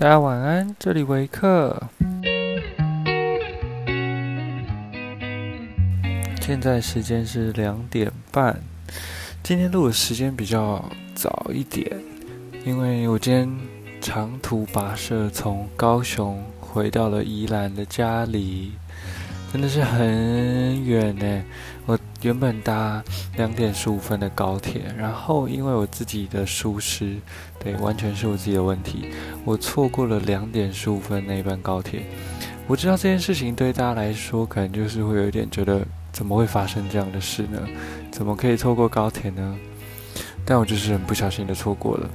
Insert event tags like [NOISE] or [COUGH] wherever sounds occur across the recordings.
大家晚安，這裡維克。現在時間是兩點半，今天錄的時間比較早一點，因為我今天長途跋涉，從高雄回到了宜蘭的家裡，真的是很遠呢。我原本搭兩點十五分的高鐵，然後因為我自己的疏失，對，完全是我自己的問題。我錯過了兩點十五分那一班高鐵。我知道這件事情對大家來說，可能就是會有一點覺得，怎麼會發生這樣的事呢？怎麼可以錯過高鐵呢？但我就是很不小心的錯過了。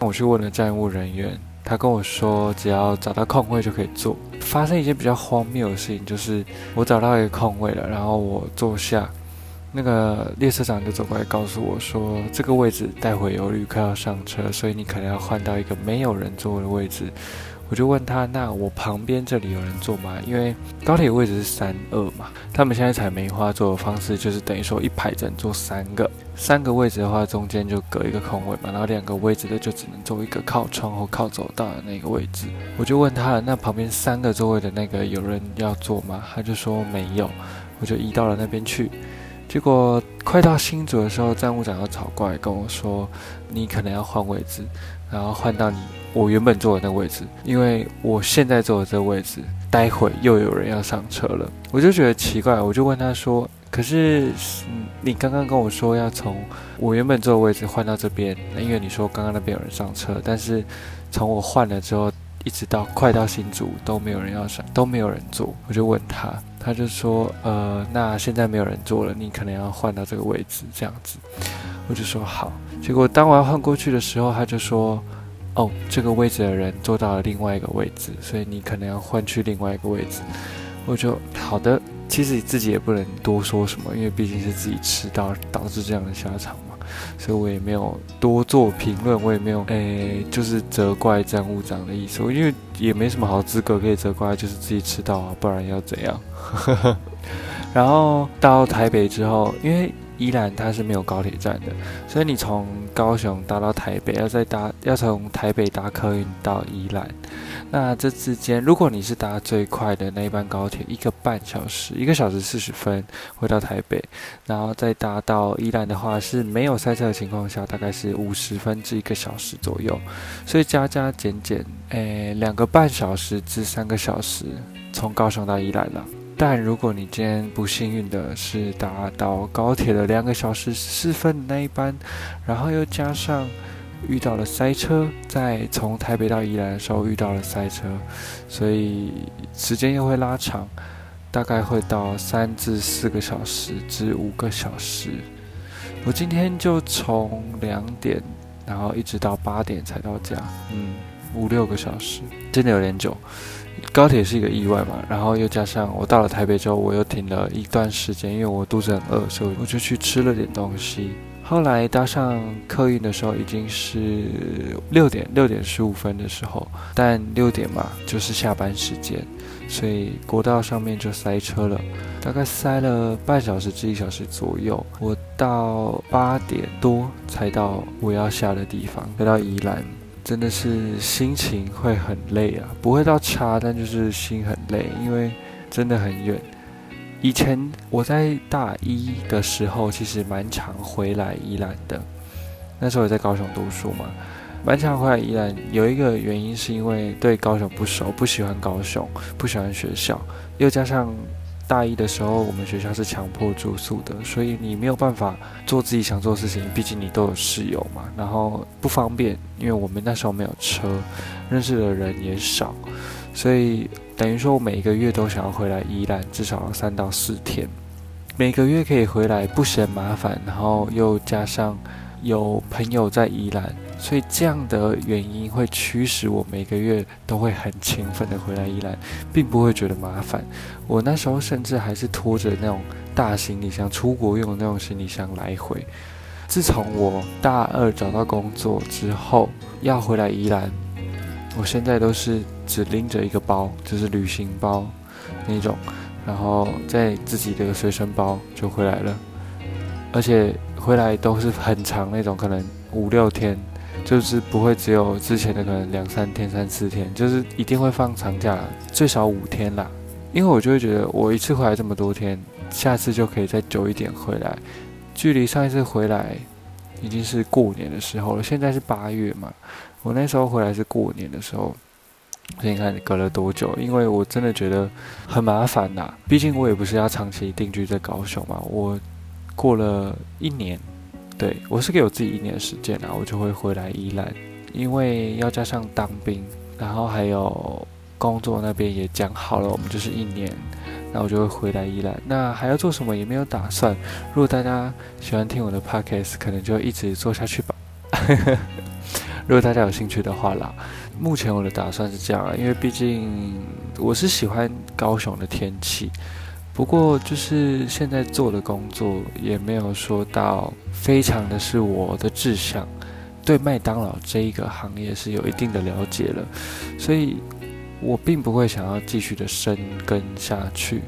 我去問了站務人員，他跟我說，只要找到空位就可以坐。發生一件比較荒謬的事情，就是我找到一個空位了，然後我坐下。那個列車長就走過來告訴我說：“這個位置待會有旅客要上車，所以你可能要換到一個沒有人坐的位置。”我就問他：“那我旁邊這裡有人坐嗎？”因為高鐵位置是三二嘛，他們現在採梅花座的方式，就是等於說一排整坐三個，三個位置的話中間就隔一個空位嘛，然後兩個位置的就只能坐一個靠窗或靠走道的那個位置。我就問他：“那旁邊三個座位的那個有人要坐嗎？”他就說沒有，我就移到了那邊去。結果快到新竹的時候，站務長又走過來跟我說：“你可能要換位置，然後換到你我原本坐的那位置，因為我現在坐的這位置，待會又有人要上車了。”我就覺得奇怪，我就問他說：“可是，你剛剛跟我說要從我原本坐的位置換到這邊，因為你說剛剛那邊有人上車，但是從我換了之後。”一直到快到新竹都沒有人要上，都沒有人坐，我就問他，他就說，呃，那現在沒有人坐了，你可能要換到這個位置，這樣子，我就說好。結果當我要換過去的時候，他就說，哦，這個位置的人坐到了另外一個位置，所以你可能要換去另外一個位置。我就好的，其實自己也不能多說什麼，因為畢竟是自己遲到導致這樣的下場。所以我也沒有多做評論，我也沒有誒、欸，就是責怪站務長的意思，我因為也沒什麼好資格可以責怪，就是自己遲到啊，不然要怎樣？ [LAUGHS] 然後到台北之後，因為。宜蘭它是沒有高鐵站的，所以你從高雄搭到台北要再，要再搭要從台北搭客運到宜蘭，那這之間如果你是搭最快的那一班高鐵，一個半小時，一個小時四十分回到台北，然後再搭到宜蘭的話是沒有塞車的情況下，大概是五十分至一個小時左右，所以加加減減，誒、欸，兩個半小時至三個小時從高雄到宜蘭了。但如果你今天不幸運的是，搭到高鐵的兩個小時四分的那一班，然後又加上遇到了塞車，在從台北到宜蘭的時候遇到了塞車，所以時間又會拉長，大概會到三至四個小時至五個小時。我今天就從兩點，然後一直到八點才到家，嗯。五六個小時，真的有點久。高鐵是一個意外嘛，然後又加上我到了台北之後，我又停了一段時間，因為我肚子很餓，所以我就去吃了點東西。後來搭上客運的時候已經是六點六點十五分的時候，但六點嘛，就是下班時間，所以國道上面就塞車了，大概塞了半小時至一小時左右。我到八點多才到我要下的地方，回到宜蘭。真的是心情會很累啊，不會到差，但就是心很累，因為真的很遠。以前我在大一的時候，其實蠻常回來宜蘭的。那時候我在高雄讀書嘛，蠻常回來宜蘭。有一個原因是因為對高雄不熟，不喜歡高雄，不喜歡學校，又加上。大一的時候，我們學校是強迫住宿的，所以你沒有辦法做自己想做的事情，畢竟你都有室友嘛，然後不方便，因為我們那時候沒有車，認識的人也少，所以等於說，我每個月都想要回來宜蘭，至少要三到四天，每個月可以回來不嫌麻煩，然後又加上有朋友在宜蘭。所以這樣的原因會驅使我每個月都會很勤奮的回來宜蘭，並不會覺得麻煩。我那時候甚至還是拖着那種大行李箱，出國用的那種行李箱來回。自從我大二找到工作之後，要回來宜蘭，我現在都是只拎着一個包，就是旅行包那種，然後在自己的隨身包就回來了。而且回來都是很長那種，可能五六天。就是不會只有之前的可能兩三天、三四天，就是一定會放長假，最少五天啦。因為我就會覺得我一次回來這麼多天，下次就可以再久一點回來。距離上一次回來已經是過年的時候了，現在是八月嘛。我那時候回來是過年的時候，所以你看隔了多久？因為我真的覺得很麻煩啦。畢竟我也不是要長期定居在高雄嘛。我過了一年。對，我是給我自己一年的時間啊，我就會回來宜蘭，因為要加上當兵，然後還有工作那邊也講好了，我們就是一年，那我就會回來宜蘭。那還要做什麼也沒有打算。如果大家喜歡聽我的 podcast，可能就一直做下去吧。 [LAUGHS] 如果大家有興趣的話啦，目前我的打算是這樣啊，因為畢竟我是喜歡高雄的天氣。不過，就是現在做的工作，也沒有說到非常的是我的志向。對麥當勞這一個行業是有一定的了解了，所以，我並不會想要繼續的深耕下去，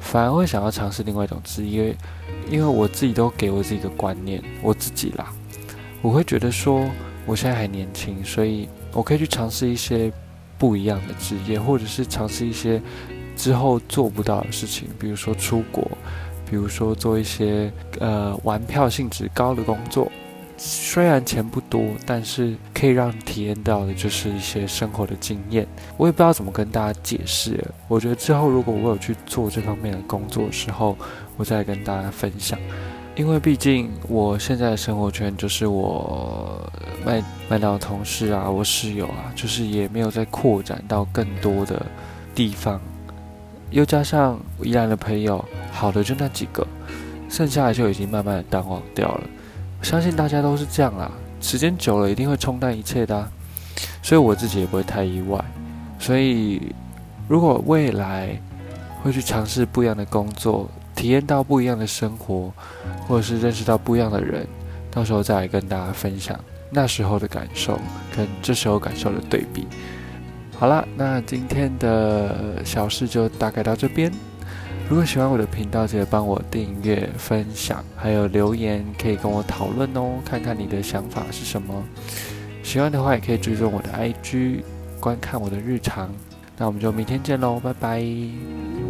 反而會想要嘗試另外一種職業。因為我自己都給我自己的觀念，我自己啦，我會覺得說，我現在還年輕，所以我可以去嘗試一些不一樣的職業，或者是嘗試一些。之後做不到的事情，比如說出國，比如說做一些呃玩票性質高的工作，雖然錢不多，但是可以讓你體驗到的就是一些生活的經驗。我也不知道怎麼跟大家解釋。我覺得之後如果我有去做這方面的工作的時候，我再跟大家分享。因為畢竟我現在的生活圈就是我賣賣到的同事啊，我室友啊，就是也沒有再擴展到更多的地方。又加上宜蘭的朋友，好的就那幾個，剩下來就已經慢慢的淡忘掉了。我相信大家都是這樣啦，時間久了一定會沖淡一切的啊。所以我自己也不會太意外。所以，如果未來會去嘗試不一樣的工作，體驗到不一樣的生活，或者是認識到不一樣的人，到時候再來跟大家分享那時候的感受跟這時候感受的對比。好了，那今天的小事就大概到這邊。如果喜歡我的頻道，記得幫我訂閱、分享，還有留言可以跟我討論哦，看看你的想法是什麼。喜歡的話也可以追蹤我的 IG，觀看我的日常。那我們就明天見嘍，拜拜。